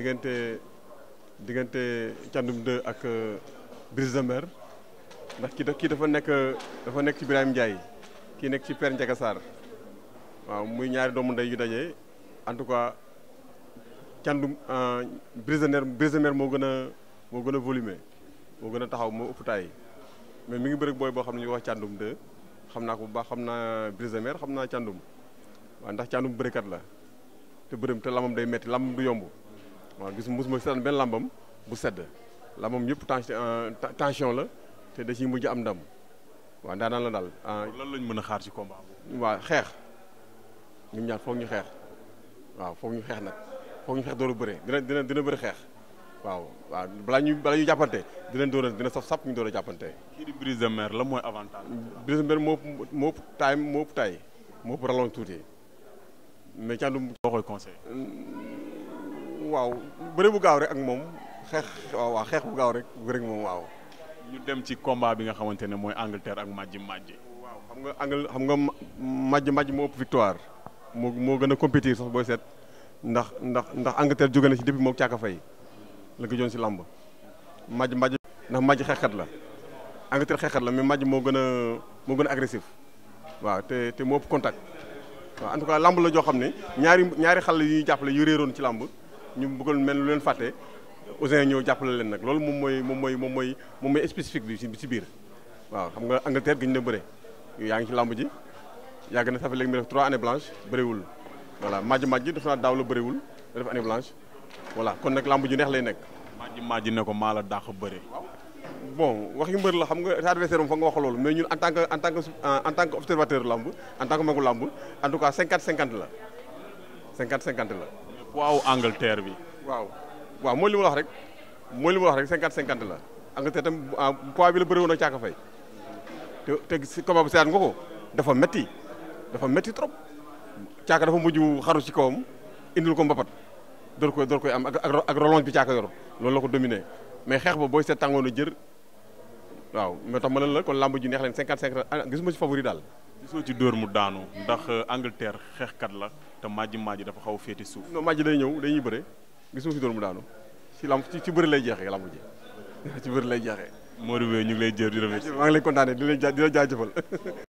diggante diggante Thiandoum 2 ak euh, Brise de Mer ndax kii dafa nekk dafa nekk ci Birame Ndiaye kii nekk ci Père Ndiaga waaw muy ñaari doomu ndey yu daje en tout cas Thiandoum euh, Brise de Mer Brise moo gën a moo gën a volumé moo gën a taxaw moo ëpp mais mi ngi bëri booy boo xam ne ñu wax Thiandoum 2 xam naa ko baax xam naa Brise xam naa Thiandoum waaw ndax Thiandoum bërikat la te bërëm te lamam day metti lamam du yomb waaw gis mosuma seetaan benn làmbam bu sedd làmbam yëpp euh, tension la te da ciy mujj am ndam waaw daanaan la daal. Ah, lan lañ mën a xaar ci combat boobu. waaw xeex ñun ñaar foog ñu xeex waaw foog ñu xeex nag foog ñu xeex dooru bëre dina dina dina bëri xeex. waaw waaw balaa ñu balaa ñuy jàppante dinañ doon dina saf sap ñu doon a jàppante. kii di la mooy avantage. moo moo ëpp taay moo ëpp taay moo ëpp rallonge tuuti mais caa du. boo koy conseil mm, waaw bëre bu gaaw rek ak moom xeex waaw xeex bu gaaw rek rek moom waaw. ñu dem ci combat bi nga xamante ne mooy Angleterre ak Madji Madji. waaw xam nga Angle xam nga Madji Madji moo ëpp victoire moo gën a compétir sax booy seet ndax ndax ndax Angleterre jóge na ci depuis moom caaka fay la ko joon ci làmb Madji Madji ndax Madji xeexkat la Angleterre xeexkat la mais Madji moo gën a moo gën a agressif waaw te te moo ëpp contact waaw en tout làmb la joo xam ne ñaari ñaari xale yu ñuy jàppale yu réeroon ci làmb ñu bëggoon mel lu leen fàtte Ousin ñëw jàppale leen nag loolu moom mooy moom mooy moom mooy moom mooy spécifique bi ci biir waaw xam nga Angleterre gi ñu ne bëre yaa ngi ci làmb ji yàgg na safa léegi mi def trois années blanches bëriwul voilà majj majj def naa daaw bëriwul da def kon nag làmb ju neex lay nekk majj majj ne ko maa la dàq bëre bon wax yu mbër la xam nga sa adversaire fa nga wax loolu mais ñu en tant que en tant que en tant que observateur làmb en tant que magu làmb cinquante cinquante la cinquante cinquante la waaw Angleterre bi. waaw waaw mooy li ma wax rek mooy li ma wax rek cinquante cinquante la Angleterre tam ah, poids bi la bëri woon ak Caaka Faye te te si combat bi seet nga ko dafa metti dafa metti trop Caaka dafa mujj xaru ci kawam indil ko mbapat door koy door koy am ak ak relonge bi Caaka yor loolu la ko dominé mais xeex ba booy seet tàngoon a jër waaw moo tax ma leen la kon làmb ji neex leen cinquante cinquante ah, gisuma ci favori daal. gisoo ci dóor mu daanu ndax Angleterre xeexkat la. te majj majj dafa xaw a féete suuf. non majj day ñëw dañuy bëre gisuma fi doon mu daanu ci lamb ci bëri lay jeexee lamb ji ci bëri lay jeexee. Modou Mbaye ñu ngi lay jër di remercier maa ngi lay kontaanee di la jaajëfal